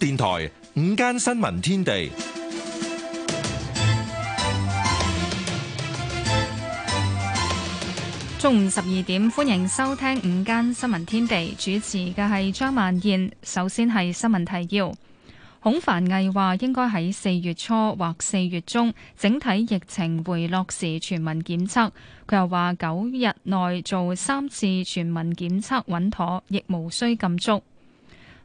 電台午間新聞天地，中午十二點，歡迎收聽午間新聞天地，主持嘅係張曼燕。首先係新聞提要，孔凡毅話應該喺四月初或四月中，整體疫情回落時全民檢測。佢又話九日內做三次全民檢測穩妥，亦無需禁足。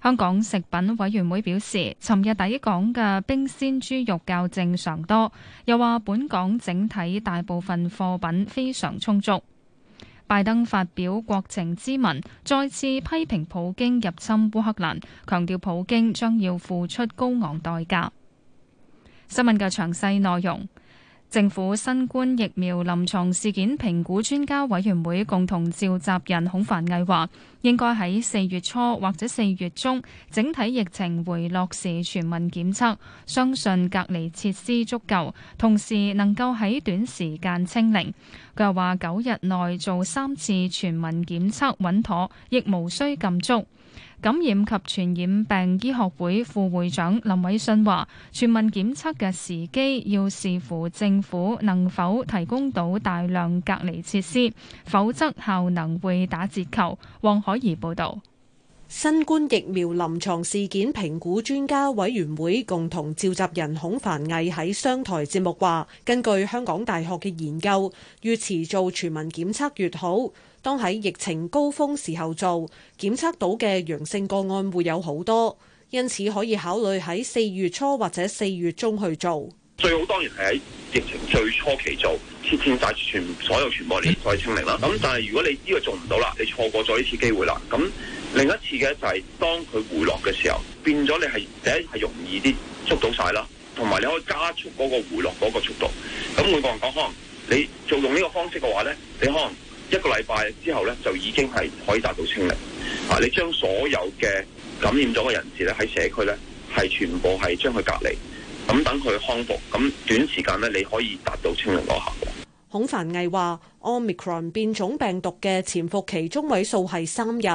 香港食品委員會表示，尋日第一港嘅冰鮮豬肉較正常多，又話本港整體大部分貨品非常充足。拜登發表國情咨文，再次批評普京入侵烏克蘭，強調普京將要付出高昂代價。新聞嘅詳細內容。政府新冠疫苗臨床事件評估專家委員會共同召集人孔凡毅話應該喺四月初或者四月中，整體疫情回落時全民檢測，相信隔離設施足夠，同時能夠喺短時間清零。佢又話九日內做三次全民檢測穩妥，亦無需禁足。感染及傳染病醫學會副會長林偉信話：全民檢測嘅時機要視乎政府能否提供到大量隔離設施，否則效能會打折扣。黃海怡報導。新冠疫苗臨床事件評估專家委員會共同召集人孔繁毅喺商台節目話：根據香港大學嘅研究，越遲做全民檢測越好。當喺疫情高峰時候做檢測到嘅陽性個案會有好多，因此可以考慮喺四月初或者四月中去做。最好當然係喺疫情最初期做，切斷晒全所有傳播鏈再清零啦。咁但係如果你呢個做唔到啦，你錯過咗呢次機會啦。咁另一次嘅就係、是、當佢回落嘅時候，變咗你係第一係容易啲捉到晒啦，同埋你可以加速嗰個回落嗰個速度。咁每個人講可能你做用呢個方式嘅話咧，你可能。一個禮拜之後呢，就已經係可以達到清零啊！你將所有嘅感染咗嘅人士咧喺社區呢，係全部係將佢隔離，咁、嗯、等佢康復。咁、嗯、短時間呢，你可以達到清零嘅效果。孔繁毅話，Omicron 變種病毒嘅潛伏期中位數係三日，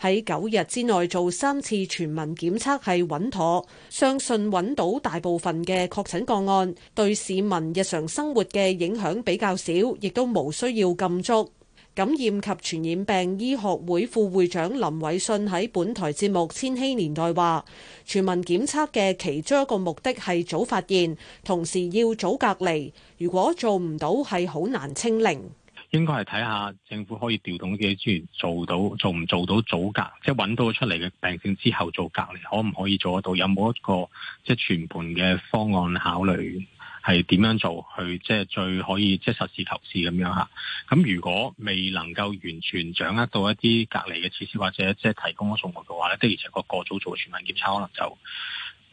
喺九日之內做三次全民檢測係穩妥，相信揾到大部分嘅確診個案，對市民日常生活嘅影響比較少，亦都無需要禁足。感染及傳染病醫學會副會長林偉信喺本台節目千禧年代話，全民檢測嘅其中一個目的係早發現，同時要早隔離。如果做唔到係好難清零，應該係睇下政府可以調動自己資源，做到做唔做到早隔，即係搵到出嚟嘅病症之後做隔離，可唔可以做得到，有冇一個即係全盤嘅方案考慮係點樣做？去即係最可以即係實事求是咁樣嚇。咁如果未能夠完全掌握到一啲隔離嘅設施，或者即係提供咗數目嘅話咧，的而且個過早做全民檢測，可能就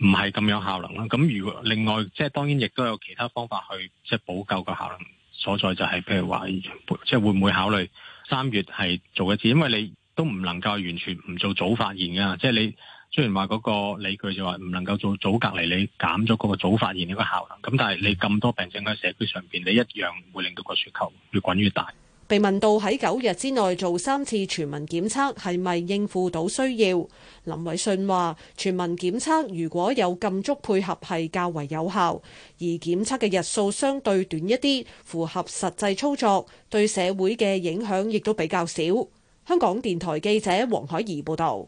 唔係咁有效能啦。咁如果另外即係當然亦都有其他方法去即係補救個效能所在，就係譬如話，即係會唔會考慮三月係做一次？因為你都唔能夠完全唔做早發現㗎！即係你。雖然話嗰個理據就話唔能夠做早隔離，你減咗嗰個早發現呢個效能，咁但係你咁多病症喺社區上邊，你一樣會令到個雪球越滾越大。被問到喺九日之內做三次全民檢測係咪應付到需要，林偉信話：全民檢測如果有禁足配合係較為有效，而檢測嘅日數相對短一啲，符合實際操作，對社會嘅影響亦都比較少。香港電台記者黃海怡報道。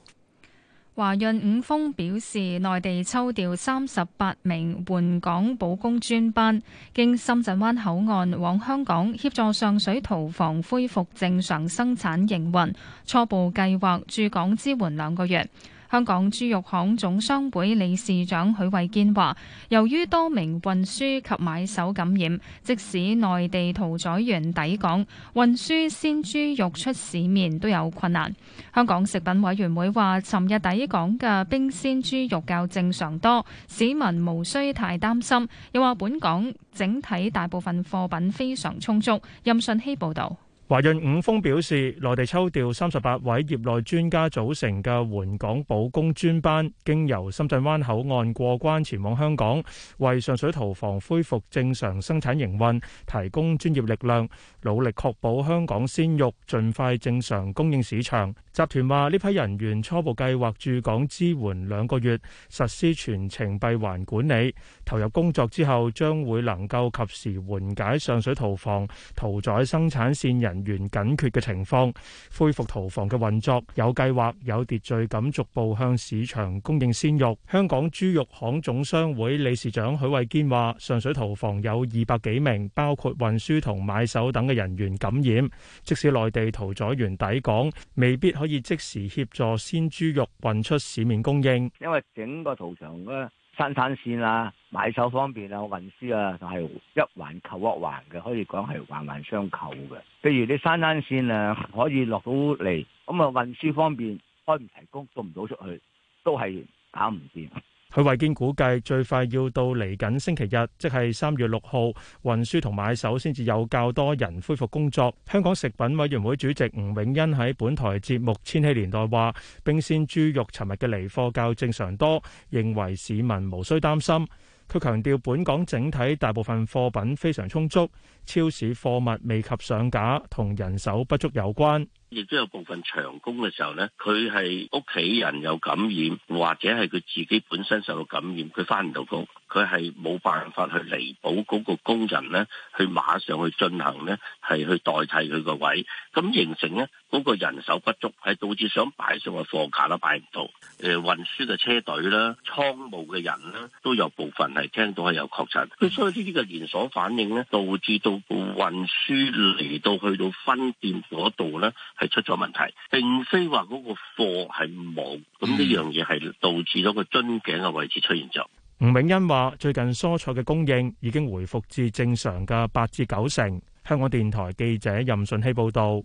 華潤五豐表示，內地抽調三十八名援港保供專班，經深圳灣口岸往香港協助上水屠房恢復正常生產營運，初步計劃駐港支援兩個月。香港豬肉行總商會理事長許偉堅話，由於多名運輸及買手感染，即使內地屠宰員抵港，運輸鮮豬肉出市面都有困難。香港食品委員會話，尋日抵港嘅冰鮮豬肉較正常多，市民無需太擔心。又話本港整體大部分貨品非常充足。任信希報導。華潤五豐表示，內地抽調三十八位業內專家組成嘅援港保供專班，經由深圳灣口岸過關前往香港，為上水屠房恢復正常生產營運提供專業力量，努力確保香港鮮肉盡快正常供應市場。集團話，呢批人員初步計劃駐港支援兩個月，實施全程閉環管理。投入工作之後，將會能夠及時緩解上水屠房屠宰生產線人源緊缺嘅情況，恢復屠房嘅運作，有計劃、有秩序咁逐步向市場供應鮮肉。香港豬肉行總商會理事長許偉堅話，上水屠房有二百幾名，包括運輸同買手等嘅人員感染。即使內地屠宰員抵港，未必可以即時協助鮮豬肉運出市面供應。因為整個屠場咧，生產線啊，買手方面啊，運輸啊，就係一環扣一環嘅，可以講係環環相扣嘅。譬如你生產線啊，可以落到嚟，咁啊運輸方面，開唔齊工，送唔到出去，都係搞唔掂。佢維健估計最快要到嚟緊星期日，即係三月六號，運輸同買手先至有較多人恢復工作。香港食品委員會主席吳永恩喺本台節目《千禧年代》話，冰鮮豬肉尋日嘅嚟貨較正常多，認為市民無需擔心。佢強調，本港整體大部分貨品非常充足，超市貨物未及上架，同人手不足有關。亦都有部分長工嘅時候咧，佢係屋企人有感染，或者係佢自己本身受到感染，佢翻唔到工，佢係冇辦法去彌補嗰個工人咧，去馬上去進行咧，係去代替佢個位，咁形成咧嗰個人手不足，係導致想擺上嘅貨架都擺唔到。誒，運輸嘅車隊啦，倉務嘅人咧，都有部分係聽到係有確診，所以呢啲嘅連鎖反應咧，導致到運輸嚟到去到分店嗰度咧。係出咗問題，並非話嗰個貨係冇，咁呢樣嘢係導致咗個樽頸嘅位置出現咗。吳永欣話：最近蔬菜嘅供應已經回復至正常嘅八至九成。香港電台記者任順希報導。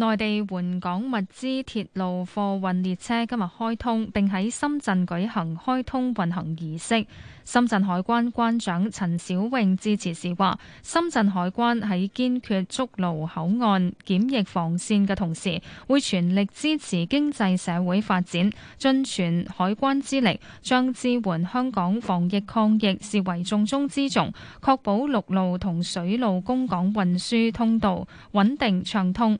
內地援港物資鐵路貨運列車今日開通，並喺深圳舉行開通運行儀式。深圳海關關長陳小穎致辭時話，深圳海關喺堅決築牢口岸檢疫防線嘅同時，會全力支持經濟社會發展，盡全海關之力，將支援香港防疫抗疫視為重中之重，確保陸路同水路供港運輸通道穩定暢通。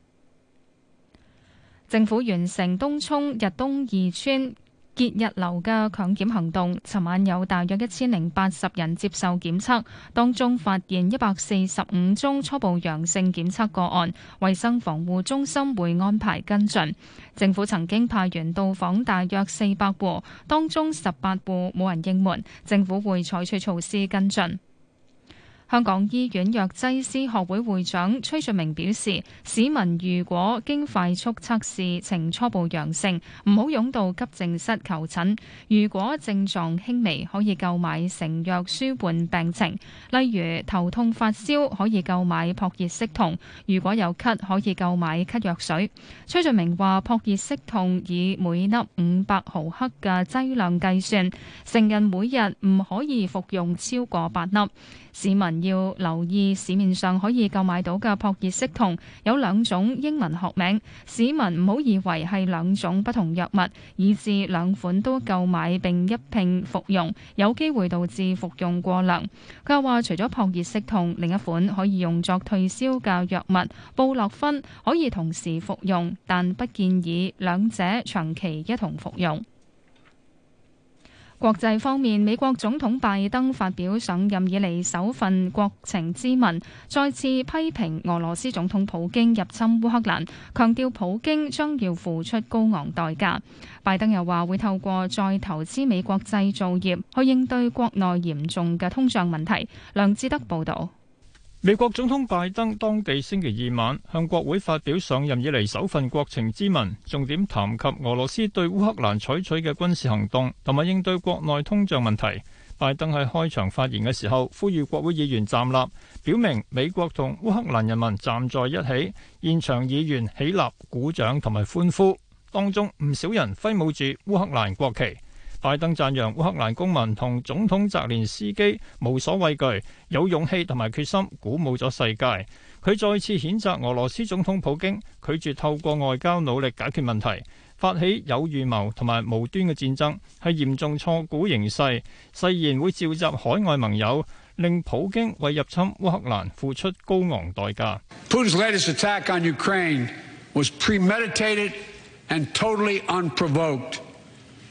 政府完成東涌逸東二邨潔逸樓嘅強檢行動，尋晚有大約一千零八十人接受檢測，當中發現一百四十五宗初步陽性檢測個案，衛生防護中心會安排跟進。政府曾經派員到訪大約四百戶，當中十八戶冇人應門，政府會採取措施跟進。香港醫院藥劑師學會會長崔俊明表示，市民如果經快速測試呈初步陽性，唔好湧到急症室求診。如果症狀輕微，可以購買成藥舒緩病情，例如頭痛、發燒可以購買撲熱息痛；如果有咳，可以購買咳藥水。崔俊明話：撲熱息痛以每粒五百毫克嘅劑量計算，成人每日唔可以服用超過八粒。市民要留意市面上可以購買到嘅撲熱息痛有兩種英文學名，市民唔好以為係兩種不同藥物，以致兩款都購買並一併服用，有機會導致服用過量。佢話除咗撲熱息痛，另一款可以用作退燒嘅藥物布洛芬可以同時服用，但不建議兩者長期一同服用。國際方面，美國總統拜登發表上任以嚟首份國情諮文，再次批評俄羅斯總統普京入侵烏克蘭，強調普京將要付出高昂代價。拜登又話會透過再投資美國製造業去應對國內嚴重嘅通脹問題。梁志德報道。美國總統拜登當地星期二晚向國會發表上任以嚟首份國情咨文，重點談及俄羅斯對烏克蘭採取嘅軍事行動同埋應對國內通脹問題。拜登喺開場發言嘅時候呼籲國會議員站立，表明美國同烏克蘭人民站在一起。現場議員起立鼓掌同埋歡呼，當中唔少人揮舞住烏克蘭國旗。拜登讚揚烏克蘭公民同總統澤連斯基無所畏懼、有勇氣同埋決心，鼓舞咗世界。佢再次譴責俄羅斯總統普京拒絕透過外交努力解決問題，發起有預謀同埋無端嘅戰爭，係嚴重錯估形勢，誓言會召集海外盟友，令普京為入侵烏克蘭付出高昂代價。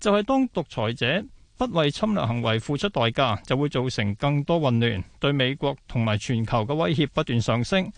就係當獨裁者不為侵略行為付出代價，就會造成更多混亂，對美國同埋全球嘅威脅不斷上升。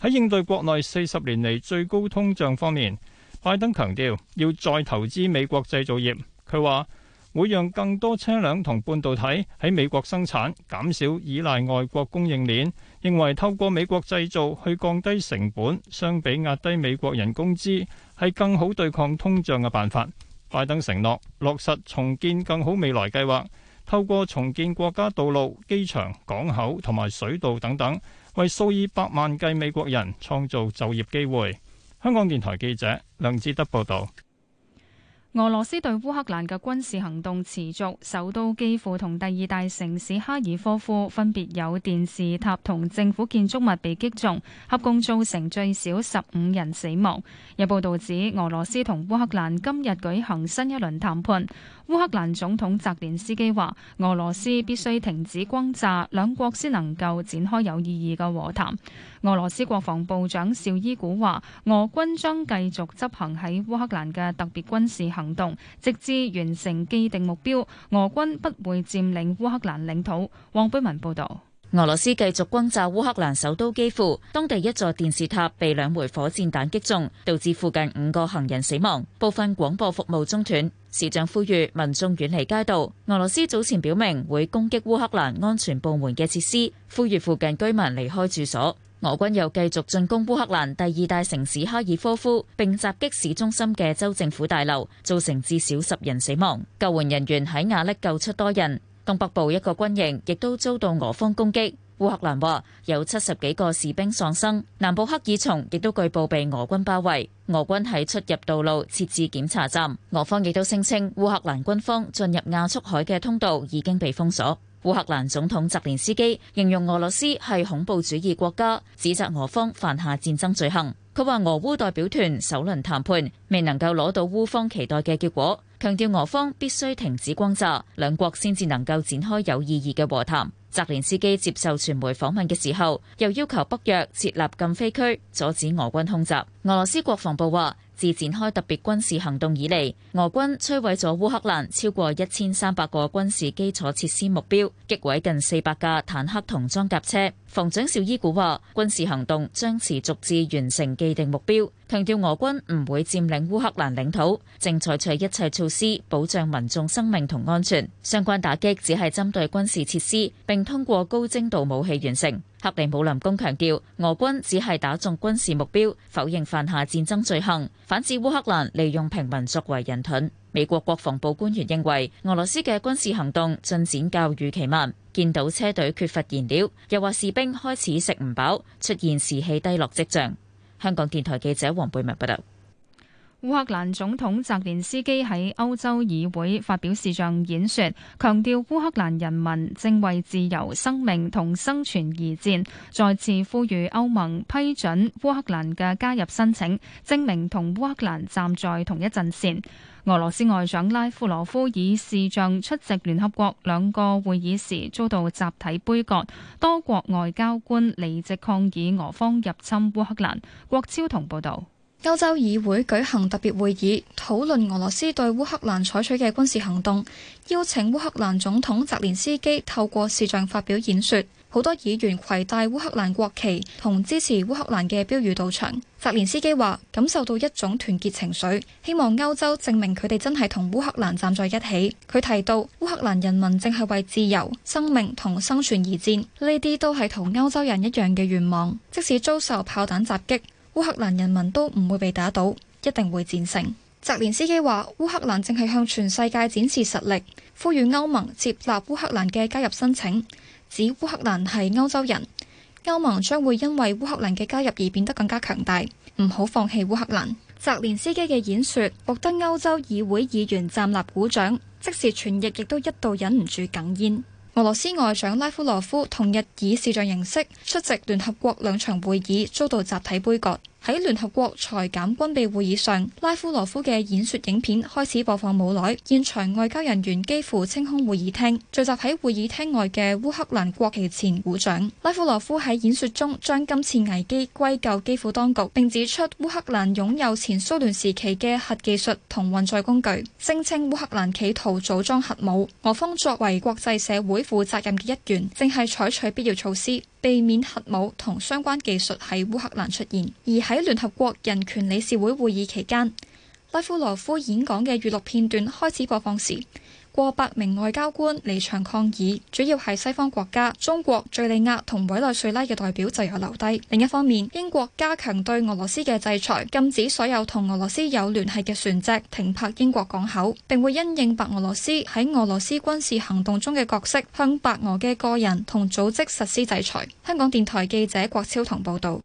喺應對國內四十年嚟最高通脹方面，拜登強調要再投資美國製造業。佢話會讓更多車輛同半導體喺美國生產，減少依賴外國供應鏈，認為透過美國製造去降低成本，相比壓低美國人工資係更好對抗通脹嘅辦法。拜登承諾落實重建更好未來計劃，透過重建國家道路、機場、港口同埋水道等等，為數以百萬計美國人創造就業機會。香港電台記者梁志德報道。俄羅斯對烏克蘭嘅軍事行動持續，首都基輔同第二大城市哈爾科夫分別有電視塔同政府建築物被擊中，合共造成最少十五人死亡。有報道指，俄羅斯同烏克蘭今日舉行新一輪談判。烏克蘭總統澤連斯基話：俄羅斯必須停止轟炸，兩國先能夠展開有意義嘅和談。俄羅斯國防部長紹伊古話：俄軍將繼續執行喺烏克蘭嘅特別軍事行動，直至完成既定目標。俄軍不會佔領烏克蘭領土。黃佩文報道。俄羅斯繼續轟炸烏克蘭首都基輔，當地一座電視塔被兩枚火箭彈擊中，導致附近五個行人死亡，部分廣播服務中斷。市長呼籲民眾遠離街道。俄羅斯早前表明會攻擊烏克蘭安全部門嘅設施，呼籲附近居民離開住所。俄軍又繼續進攻烏克蘭第二大城市哈爾科夫，並襲擊市中心嘅州政府大樓，造成至少十人死亡。救援人員喺瓦礫救出多人。東北部一個軍營亦都遭到俄方攻擊，烏克蘭話有七十幾個士兵喪生。南部赫爾松亦都據報被俄軍包圍，俄軍喺出入道路設置檢查站。俄方亦都聲稱烏克蘭軍方進入亞速海嘅通道已經被封鎖。烏克蘭總統澤連斯基形容俄羅斯係恐怖主義國家，指責俄方犯下戰爭罪行。佢話俄烏代表團首輪談判未能夠攞到烏方期待嘅結果。強調俄方必須停止轟炸，兩國先至能夠展開有意義嘅和談。澤連斯基接受傳媒訪問嘅時候，又要求北約設立禁飛區，阻止俄軍空襲。俄羅斯國防部話。自展開特別軍事行動以嚟，俄軍摧毀咗烏克蘭超過一千三百個軍事基礎設施目標，擊毀近四百架坦克同裝甲車。防長紹伊古話：軍事行動將持續至完成既定目標，強調俄軍唔會佔領烏克蘭領土，正採取一切措施保障民眾生命同安全。相關打擊只係針對軍事設施，並通過高精度武器完成。克里姆林宮強調，俄軍只係打中軍事目標，否認犯下戰爭罪行，反指烏克蘭利用平民作為人盾。美國國防部官員認為，俄羅斯嘅軍事行動進展較預期慢，見到車隊缺乏燃料，又話士兵開始食唔飽，出現士氣低落跡象。香港電台記者黃貝文報道。烏克蘭總統澤連斯基喺歐洲議會發表視像演說，強調烏克蘭人民正為自由、生命同生存而戰，再次呼籲歐盟批准烏克蘭嘅加入申請，證明同烏克蘭站在同一陣線。俄羅斯外長拉夫羅夫以視像出席聯合國兩個會議時遭到集體杯葛。多國外交官離席抗議俄方入侵烏克蘭。郭超同報道。歐洲議會舉行特別會議，討論俄羅斯對烏克蘭採取嘅軍事行動，邀請烏克蘭總統澤連斯基透過視像發表演說。好多議員攜帶烏克蘭國旗同支持烏克蘭嘅標語到場。澤連斯基話，感受到一種團結情緒，希望歐洲證明佢哋真係同烏克蘭站在一起。佢提到，烏克蘭人民正係為自由、生命同生存而戰，呢啲都係同歐洲人一樣嘅願望，即使遭受炮彈襲擊，烏克蘭人民都唔會被打倒，一定會戰勝。澤連斯基話：烏克蘭正係向全世界展示實力，呼籲歐盟接納烏克蘭嘅加入申請，指烏克蘭係歐洲人，歐盟將會因為烏克蘭嘅加入而變得更加強大。唔好放棄烏克蘭。澤連斯基嘅演說獲得歐洲議會議員站立鼓掌，即時傳譯亦都一度忍唔住哽咽。俄羅斯外長拉夫羅夫同日以視像形式出席聯合國兩場會議，遭到集體杯葛。喺聯合國裁減軍備會議上，拉夫羅夫嘅演説影片開始播放冇耐，現場外交人員幾乎清空會議廳，聚集喺會議廳外嘅烏克蘭國旗前鼓掌。拉夫羅夫喺演説中將今次危機歸咎基輔當局，並指出烏克蘭擁有前蘇聯時期嘅核技術同運載工具，聲稱烏克蘭企圖組裝核武。俄方作為國際社會負責任嘅一員，正係採取必要措施，避免核武同相關技術喺烏克蘭出現，而喺聯合國人權理事會會議期間，拉夫羅夫演講嘅預錄片段開始播放時，過百名外交官離場抗議，主要係西方國家、中國、敍利亞同委內瑞拉嘅代表就有留低。另一方面，英國加強對俄羅斯嘅制裁，禁止所有同俄羅斯有聯繫嘅船隻停泊英國港口，並會因應白俄羅斯喺俄羅斯軍事行動中嘅角色，向白俄嘅個人同組織實施制裁。香港電台記者郭超彤報導。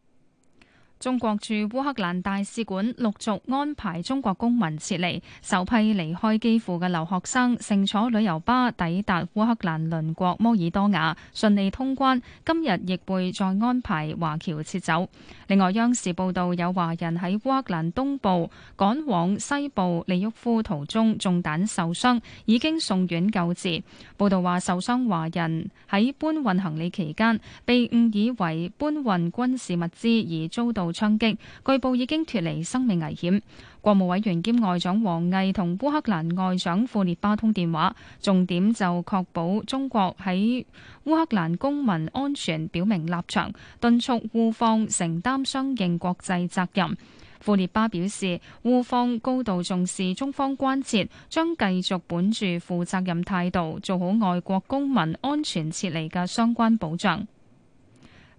中國駐烏克蘭大使館陸續安排中國公民撤離，首批離開基輔嘅留學生乘坐旅遊巴抵達烏克蘭鄰國摩爾多瓦，順利通關。今日亦會再安排華僑撤走。另外，央視報道有華人喺烏克蘭東部趕往西部利沃夫途中中彈受傷，已經送院救治。報道話受傷華人喺搬運行李期間被誤以為搬運軍事物資而遭到。槍擊，據報已經脫離生命危險。國務委員兼外長王毅同烏克蘭外長庫列巴通電話，重點就確保中國喺烏克蘭公民安全，表明立場，敦促烏方承擔相應國際責任。庫列巴表示，烏方高度重視中方關切，將繼續本住負責任態度，做好外國公民安全撤離嘅相關保障。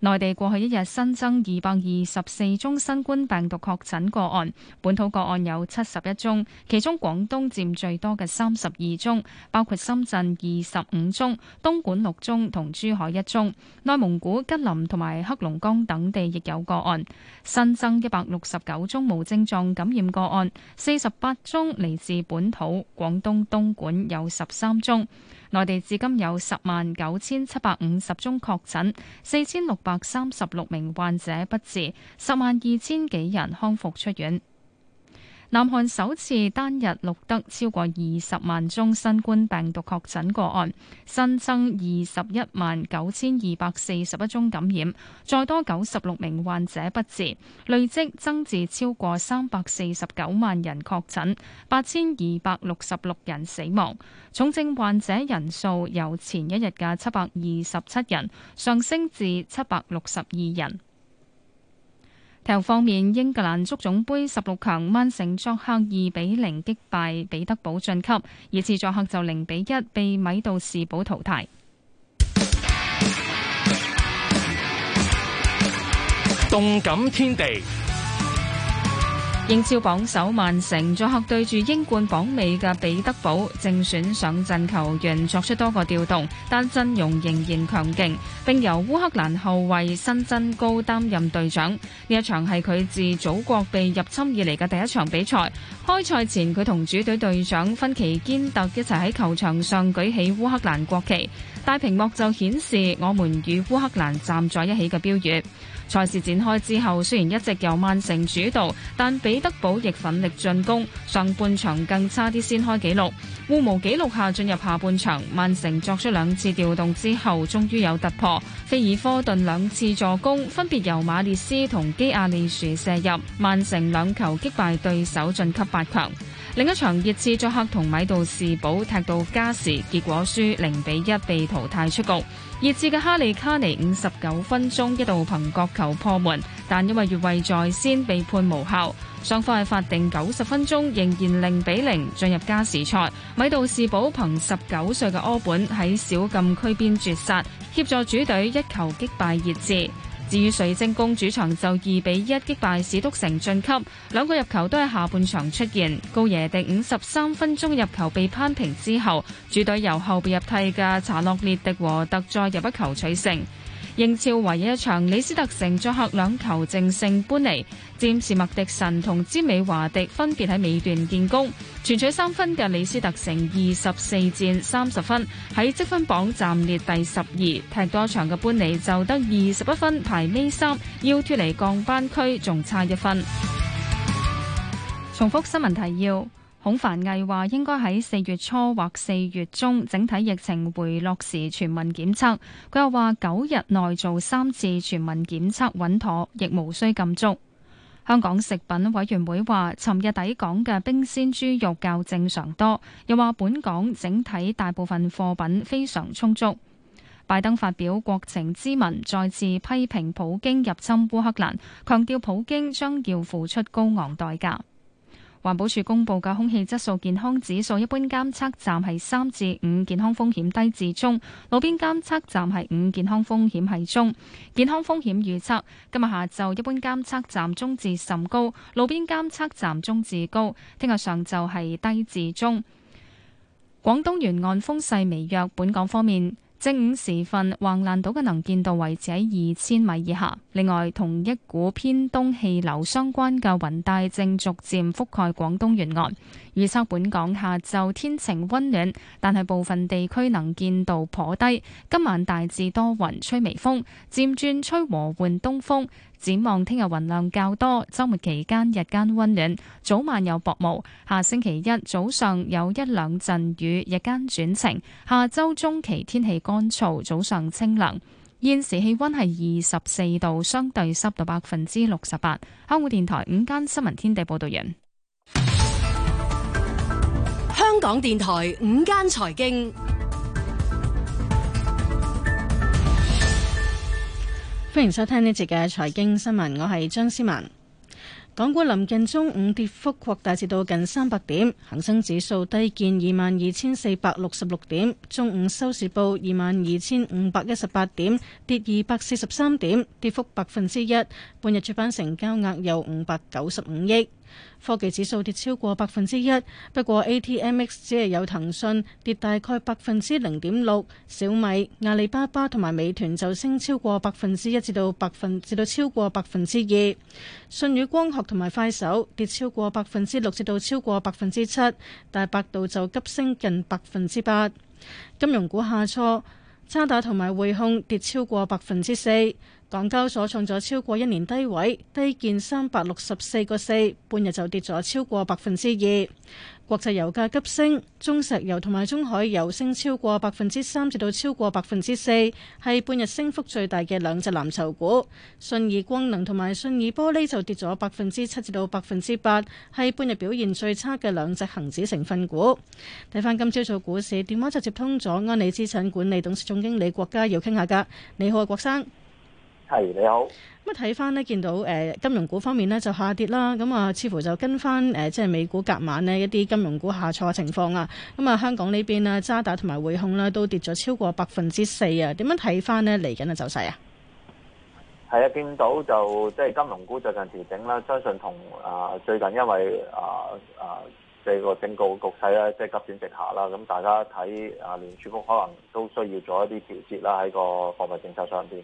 內地過去一日新增二百二十四宗新冠病毒確診個案，本土個案有七十一宗，其中廣東佔最多嘅三十二宗，包括深圳二十五宗、東莞六宗同珠海一宗。內蒙古、吉林同埋黑龍江等地亦有個案，新增一百六十九宗無症狀感染個案，四十八宗嚟自本土，廣東東莞有十三宗。內地至今有十萬九千七百五十宗確診，四千六百三十六名患者不治，十萬二千幾人康復出院。南韓首次單日錄得超過二十萬宗新冠病毒確診個案，新增二十一萬九千二百四十一宗感染，再多九十六名患者不治，累積增至超過三百四十九萬人確診，八千二百六十六人死亡。重症患者人數由前一日嘅七百二十七人上升至七百六十二人。體育方面，英格蘭足總盃十六強，曼城作客二比零擊敗彼得堡晉級，而次作客就零比一被米杜士堡淘汰。動感天地。英超榜首曼城作客對住英冠榜尾嘅彼得堡，正選上陣球員作出多個調動，但陣容仍然強勁，並由烏克蘭後衛新增高擔任隊長。呢一場係佢自祖國被入侵以嚟嘅第一場比賽。開賽前佢同主隊隊長芬奇堅特一齊喺球場上舉起烏克蘭國旗，大屏幕就顯示“我們與烏克蘭站在一起”嘅標語。賽事展開之後，雖然一直由曼城主導，但彼得堡亦奮力進攻，上半場更差啲先開紀錄。互無紀錄下進入下半場，曼城作出兩次調動之後，終於有突破。菲爾科頓兩次助攻，分別由馬列斯同基亞利殊射入，曼城兩球擊敗對手晉級八強。另一場熱刺作客同米杜士堡踢到加時，結果輸零比一被淘汰出局。熱刺嘅哈利卡尼五十九分鐘一度憑角球破門，但因為越位在先被判無效。雙方喺法定九十分鐘仍然零比零進入加時賽，米杜士堡憑十九歲嘅柯本喺小禁區邊絕殺，協助主隊一球擊敗熱刺。至於水晶宮主場就二比一擊敗史篤城晉級，兩個入球都係下半場出現。高耶第五十三分鐘入球被扳平之後，主隊由後備入替嘅查洛列迪和特再入一球取勝。英超唯一一場，李斯特城作客兩球淨勝般尼，占士麥迪臣同詹美華迪分別喺尾段建功，全取三分嘅李斯特城二十四戰三十分，喺積分榜暫列第十二。踢多場嘅般尼就得二十一分，排尾三，要脫離降班區仲差一分。重複新聞提要。孔繁毅話：應該喺四月初或四月中，整體疫情回落時全民檢測。佢又話：九日內做三次全民檢測穩妥，亦無需禁足。香港食品委員會話：尋日抵港嘅冰鮮豬肉較正常多，又話本港整體大部分貨品非常充足。拜登發表國情咨文，再次批評普京入侵烏克蘭，強調普京將要付出高昂代價。環保署公佈嘅空氣質素健康指數，一般監測站係三至五，健康風險低至中；路邊監測站係五，健康風險係中。健康風險預測：今日下晝一般監測站中至甚高，路邊監測站中至高；聽日上晝係低至中。廣東沿岸風勢微弱，本港方面。正午時分，橫瀾島嘅能見度維持喺二千米以下。另外，同一股偏東氣流相關嘅雲帶正逐漸覆蓋廣東沿岸。預測本港下晝天晴溫暖，但係部分地區能見度頗低。今晚大致多雲，吹微風，漸轉吹和緩東風。展望聽日雲量較多，周末期間日間溫暖，早晚有薄霧。下星期一早上有一兩陣雨，日間轉晴。下周中期天氣乾燥，早上清涼。現時氣溫係二十四度，相對濕度百分之六十八。香港電台午間新聞天地報道員。香港電台午間財經，歡迎收聽呢節嘅財經新聞，我係張思文。港股臨近中午，跌幅擴大至到近三百點，恒生指數低見二萬二千四百六十六點，中午收市報二萬二千五百一十八點，跌二百四十三點，跌幅百分之一。半日主板成交額有五百九十五億。科技指數跌超過百分之一，不過 ATMX 只係有騰訊跌大概百分之零點六，小米、阿里巴巴同埋美團就升超過百分之一至到百分至到超過百分之二，信宇光學同埋快手跌超過百分之六至到超過百分之七，但百度就急升近百分之八。金融股下挫，渣打同埋匯控跌超過百分之四。港交所創咗超過一年低位，低見三百六十四個四，半日就跌咗超過百分之二。國際油價急升，中石油同埋中海油升超過百分之三，至到超過百分之四，係半日升幅最大嘅兩隻藍籌股。信義光能同埋信義玻璃就跌咗百分之七至到百分之八，係半日表現最差嘅兩隻恒指成分股。睇翻今朝早股市，電話就接通咗安理資產管理董事總經理郭家耀，傾下噶。你好啊，郭生。係，你好。咁啊睇翻呢，見到誒、呃、金融股方面呢，就下跌啦。咁啊，似乎就跟翻誒、呃、即係美股隔晚呢一啲金融股下挫嘅情況啊。咁啊，香港呢邊啊渣打同埋匯控呢，都跌咗超過百分之四啊。點樣睇翻呢？嚟緊嘅走勢啊？係啊，見到就即係、就是、金融股最近調整啦，相信同啊最近因為啊啊即係、這個政局局勢咧即係急轉直下啦。咁、啊、大家睇啊聯儲局可能都需要做一啲調節啦喺個貨幣政策上邊。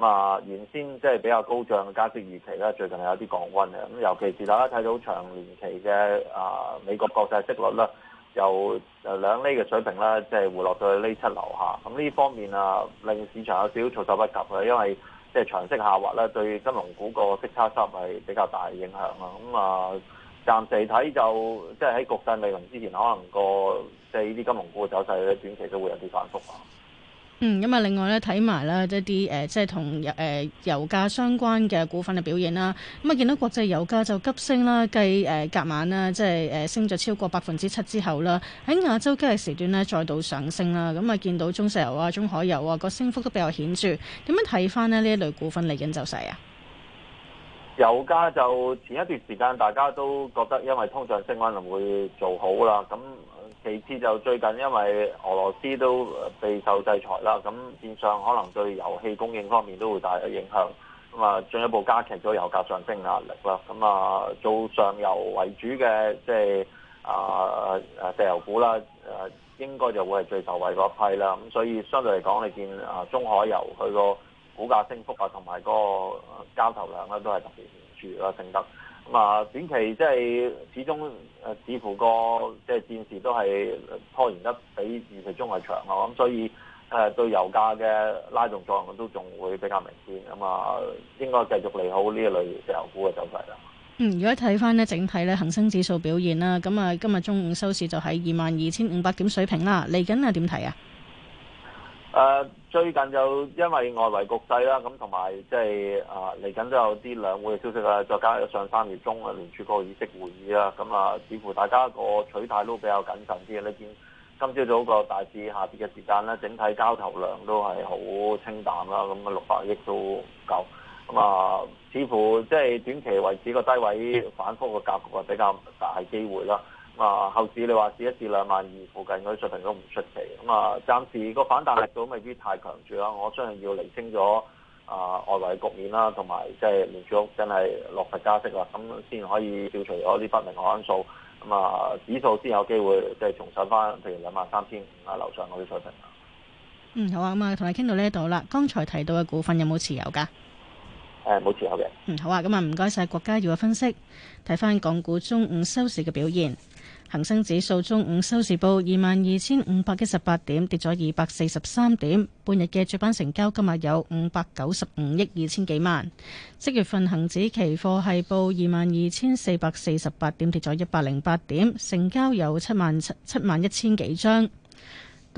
啊，原先即係比較高漲嘅加息預期咧，最近係有啲降溫嘅。咁、啊、尤其是大家睇到長年期嘅啊美國國債息率咧，由兩釐嘅水平咧，即、就、係、是、回落到去呢七樓下。咁、啊、呢方面啊，令市場有少少措手不及嘅，因為即係長息下滑咧，對金融股個息差收係比較大影響啊。咁啊，暫時睇就即係喺局勢未明之前，可能個即係呢啲金融股嘅走勢咧，短期都會有啲反覆啊。嗯，咁啊，另外咧睇埋咧一啲誒，即係同油誒油價相關嘅股份嘅表現啦。咁、嗯、啊，見到國際油價就急升啦，計誒、呃、隔晚啦，即係誒升咗超過百分之七之後啦，喺亞洲交易時段呢，再度上升啦。咁、嗯、啊，見到中石油啊、中海油啊個升幅都比較顯著。點樣睇翻呢？呢一類股份嚟緊走勢啊？油價就前一段時間大家都覺得，因為通脹升可能會做好啦。咁其次就最近，因為俄羅斯都備受制裁啦，咁變相可能對油氣供應方面都會大有影響，咁啊進一步加劇咗油價上升壓力啦。咁啊，做上游為主嘅即係啊，石、就是呃、油股啦，誒、呃、應該就會係最受惠嗰一批啦。咁所以相對嚟講，你見啊中海油佢個股價升幅啊，同埋嗰個交投量咧、啊、都係特別唔絕啦，升得。啊，短期即係始終誒，似乎個即係戰事都係拖延得比預期中係長咯，咁所以誒對油價嘅拉動作用都仲會比較明顯，咁啊應該繼續利好呢一類石油股嘅走勢啦。嗯，如果睇翻呢，整體咧恒生指數表現啦，咁啊今日中午收市就喺二萬二千五百點水平啦，嚟緊啊點睇啊？誒最近就因為外圍局勢啦，咁同埋即係誒嚟緊都有啲兩會嘅消息啦，再加上三月中啊聯儲局議息會議啊，咁啊似乎大家個取態都比較謹慎啲嘅。呢邊今朝早個大致下跌嘅時間咧，整體交投量都係好清淡啦，咁啊六百億都唔夠。咁啊似乎即係短期維持個低位反覆嘅格局啊，比較大機會啦。啊！後市你話試一至兩萬二附近嗰啲水平都唔出奇。咁啊，暫時個反彈力度未必太強住啦。我相信要釐清咗啊、呃，外圍局面啦，同埋即係聯儲局真係落實加息啦，咁先可以消除咗啲不明朗因素。咁啊，指數先有機會即係重上翻，譬如兩萬三千五啊，樓上嗰啲水平。嗯，好啊。咁、嗯、啊，同你傾到呢度啦。剛才提到嘅股份有冇持有噶？誒、嗯，冇持有嘅、啊。嗯，好啊。咁啊，唔該晒郭家耀嘅分析。睇翻港股中午收市嘅表現。恒生指數中午收市報二萬二千五百一十八點，跌咗二百四十三點。半日嘅主板成交今日有五百九十五億二千幾萬。即月份恒指期貨係報二萬二千四百四十八點，跌咗一百零八點，成交有七萬七七萬一千幾張。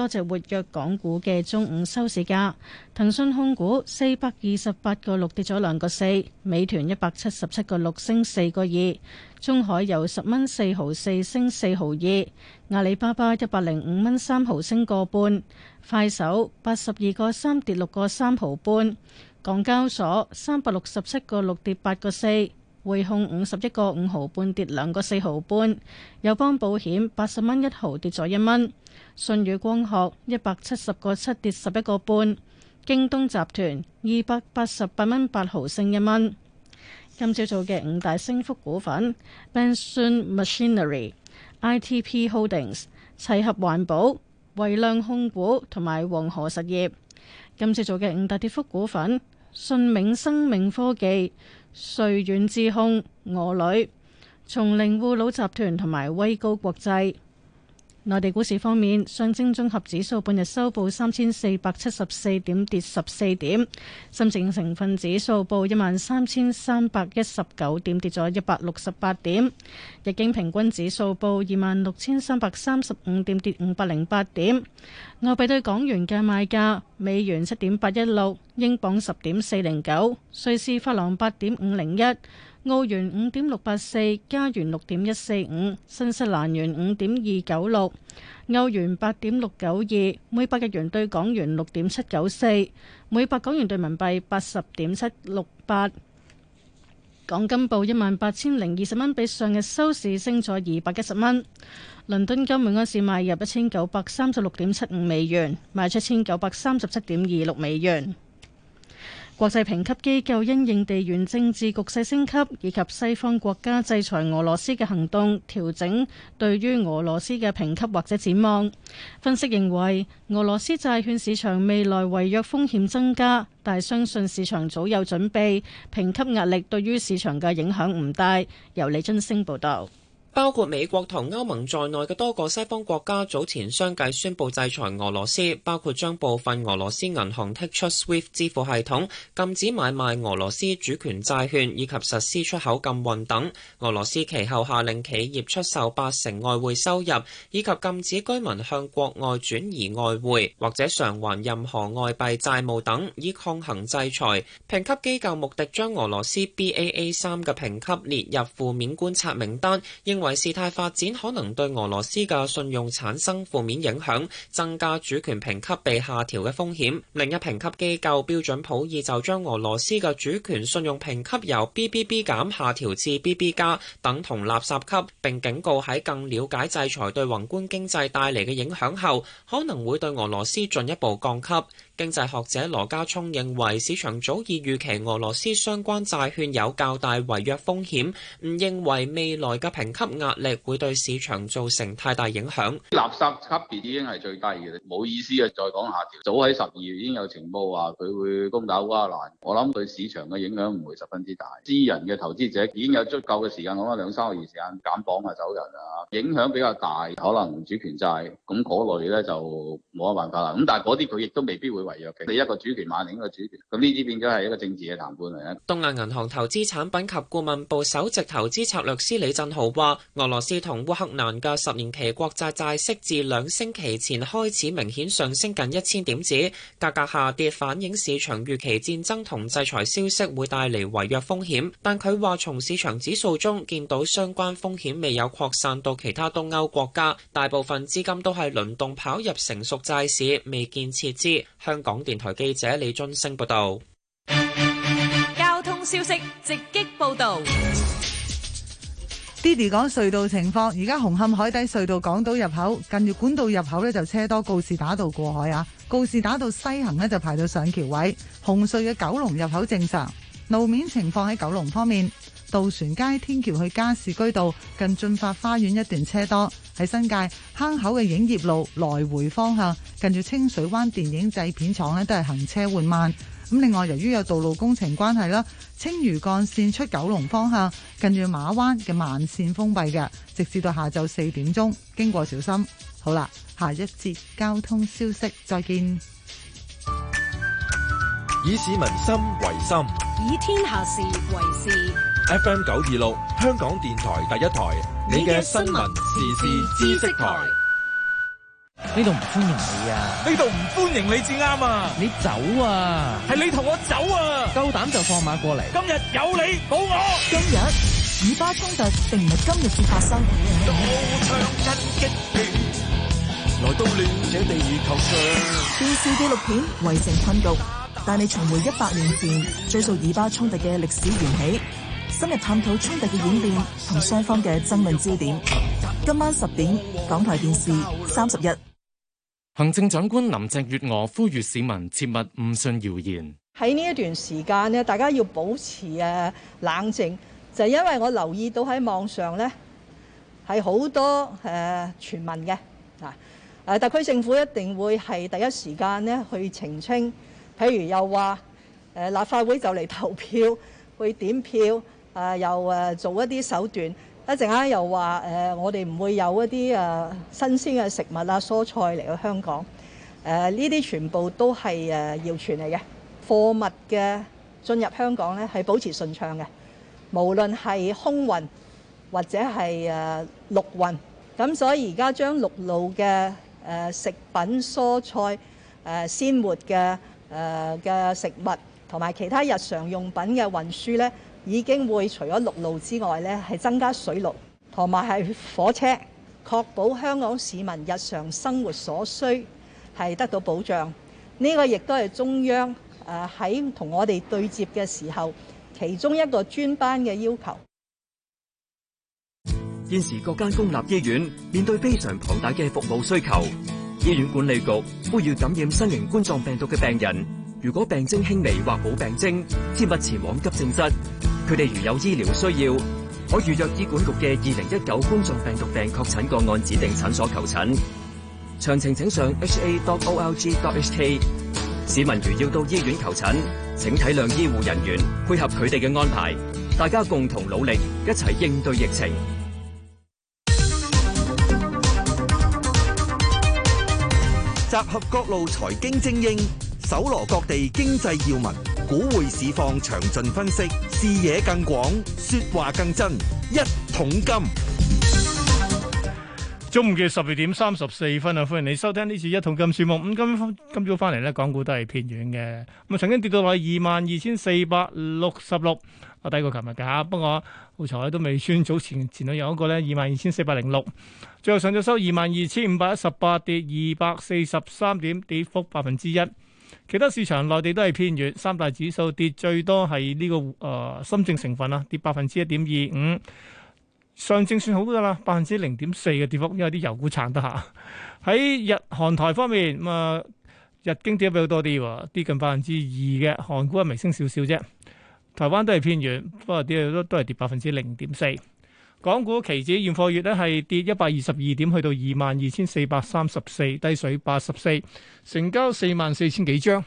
多隻活躍港股嘅中午收市價，騰訊控股四百二十八個六跌咗兩個四，美團一百七十七個六升四個二，中海油十蚊四毫四升四毫二，阿里巴巴一百零五蚊三毫升個半，快手八十二個三跌六個三毫半，港交所三百六十七個六跌八個四，匯控五十一個五毫半跌兩個四毫半，友邦保險八十蚊一毫跌咗一蚊。信宇光學一百七十個七跌十一個半，5, 京東集團二百八十八蚊八毫升一蚊。今朝做嘅五大升幅股份：Benson Machinery、ITP Holdings、齊 Hold 合環保、惠量控股同埋黃河實業。今朝做嘅五大跌幅股份：信明生命科技、瑞遠智控、我女、松齡護老集團同埋威高國際。內地股市方面，上證綜合指數半日收報三千四百七十四點，跌十四點；深證成分指數報一萬三千三百一十九點，跌咗一百六十八點；日經平均指數報二萬六千三百三十五點，跌五百零八點。外幣兌港元嘅賣價：美元七點八一六，英鎊十點四零九，瑞士法郎八點五零一。澳元五點六八四，加元六點一四五，新西蘭元五點二九六，歐元八點六九二，每百日元對港元六點七九四，每百港元對人民幣八十點七六八。港金報一萬八千零二十蚊，比上日收市升咗二百一十蚊。倫敦金每安士賣入一千九百三十六點七五美元，賣出一千九百三十七點二六美元。國際評級機構因應地緣政治局勢升級以及西方國家制裁俄羅斯嘅行動調整對於俄羅斯嘅評級或者展望。分析認為，俄羅斯債券市場未來違約風險增加，但相信市場早有準備，評級壓力對於市場嘅影響唔大。由李津升報導。包括美國同歐盟在內嘅多個西方國家早前相繼宣布制裁俄羅斯，包括將部分俄羅斯銀行剔出 SWIFT 支付系統、禁止買賣俄羅斯主權債券以及實施出口禁運等。俄羅斯其後下令企業出售八成外匯收入，以及禁止居民向國外轉移外匯或者償還任何外幣債務等，以抗衡制裁。評級機構穆迪將俄羅斯 BAA 三嘅評級列入負面觀察名單，應為事態發展可能對俄羅斯嘅信用產生負面影響，增加主權評級被下調嘅風險。另一評級機構標準普爾就將俄羅斯嘅主權信用評級由 BBB 減下調至 BB 加，等同垃圾級，並警告喺更了解制裁對宏觀經濟帶嚟嘅影響後，可能會對俄羅斯進一步降級。經濟學者羅家聰認為，市場早已預期俄羅斯相關債券有較大違約風險，唔認為未來嘅評級壓力會對市場造成太大影響。垃圾級別已經係最低嘅，冇意思啊！再講下調，早喺十二月已經有情報話佢會攻打烏克蘭，我諗對市場嘅影響唔會十分之大。私人嘅投資者已經有足夠嘅時間，咁啊兩三個月時間減磅啊走人啊，影響比較大，可能主權債咁嗰類咧就冇乜辦法啦。咁但係嗰啲佢亦都未必會。你一個主權買定個主權，咁呢啲變咗係一個政治嘅談判嚟嘅。東亞銀行投資產品及顧問部首席投資策略師李振豪話，俄羅斯同烏克蘭嘅十年期國債債息自兩星期前開始明顯上升，近一千點子。價格下跌，反映市場預期戰爭同制裁消息會帶嚟違約風險。但佢話從市場指數中見到相關風險未有擴散到其他東歐國家，大部分資金都係輪動跑入成熟債市，未見撤資。向港電台記者李津升報道，交通消息直擊報道。Daddy 講隧道情況，而家紅磡海底隧道港島入口，近住管道入口咧就車多告，告士打道過海啊，告士打道西行呢就排到上橋位，紅隧嘅九龍入口正常，路面情況喺九龍方面。渡船街天橋去加士居道近駿發花園一段車多，喺新界坑口嘅影業路來回方向近住清水灣電影製片廠呢都係行車緩慢。咁另外由於有道路工程關係啦，青嶼幹線出九龍方向近住馬灣嘅慢線封閉嘅，直至到下晝四點鐘，經過小心。好啦，下一節交通消息，再見。以市民心為心，以天下事為事。F M 九二六，26，香港電台第一台，你嘅新聞時事知識台。呢度唔歡迎你啊！呢度唔歡迎你至啱啊！你走啊！係你同我走啊！夠膽就放馬過嚟！今日有你冇我。今日以巴衝突並唔係今日先發生。都唱跟激氣，來到了這地球上。電視紀錄片《圍城困局》，帶你重回一百年前追溯以巴衝突嘅歷史緣起。今日探討衝突嘅演變同雙方嘅爭論焦點，今晚十點，港台電視三十一。行政長官林鄭月娥呼籲市民切勿誤信謠言。喺呢一段時間呢，大家要保持誒冷靜，就係、是、因為我留意到喺網上呢係好多誒傳聞嘅嗱，誒、呃呃、特區政府一定會係第一時間呢去澄清。譬如又話誒、呃、立法會就嚟投票，去點票。啊！又誒做一啲手段，一陣間又話誒，我哋唔會有一啲誒新鮮嘅食物啊、蔬菜嚟到香港誒。呢啲全部都係誒謠傳嚟嘅。貨物嘅進入香港呢，係保持順暢嘅，無論係空運或者係誒陸運咁。所以而家將陸路嘅誒食品、蔬菜誒鮮活嘅誒嘅食物同埋其他日常用品嘅運輸呢。已經會除咗陸路之外咧，係增加水路同埋係火車，確保香港市民日常生活所需係得到保障。呢個亦都係中央誒喺同我哋對接嘅時候，其中一個專班嘅要求。現時各間公立醫院面對非常龐大嘅服務需求，醫院管理局呼籲感染新型冠狀病毒嘅病人，如果病徵輕微或冇病徵，切勿前往急症室。佢哋如有醫療需要，可預約醫管局嘅二零一九冠狀病毒病確診個案指定診所求診。詳情請上 ha.org.hk。市民如要到醫院求診，請體諒醫護人員，配合佢哋嘅安排，大家共同努力，一齊應對疫情。集合各路財經精英，搜羅各地經濟要聞。股匯市況詳盡分析，視野更廣，說話更真。一桶金，中午嘅十二點三十四分啊！歡迎你收聽呢次一桶金節目。咁今今朝翻嚟咧，港股都係偏軟嘅。咁啊，曾經跌到落二萬二千四百六十六，啊低過琴日嘅吓。不過好彩都未算早前前兩日嗰個咧二萬二千四百零六，22, 6, 最後上晝收二萬二千五百一十八，跌二百四十三點，跌幅百分之一。其他市場內地都係偏軟，三大指數跌最多係呢、這個誒、呃、深證成分啊，跌百分之一點二五，上證算好㗎喇，百分之零點四嘅跌幅，因為啲油股撐得下。喺 日韓台方面，咁、嗯、啊日經跌得比較多啲喎，跌近百分之二嘅，韓股係微升少少啫，台灣都係偏軟，不過跌都都係跌百分之零點四。港股期指現貨月咧係跌一百二十二點，去到二萬二千四百三十四，低水八十四，成交四萬四千幾張。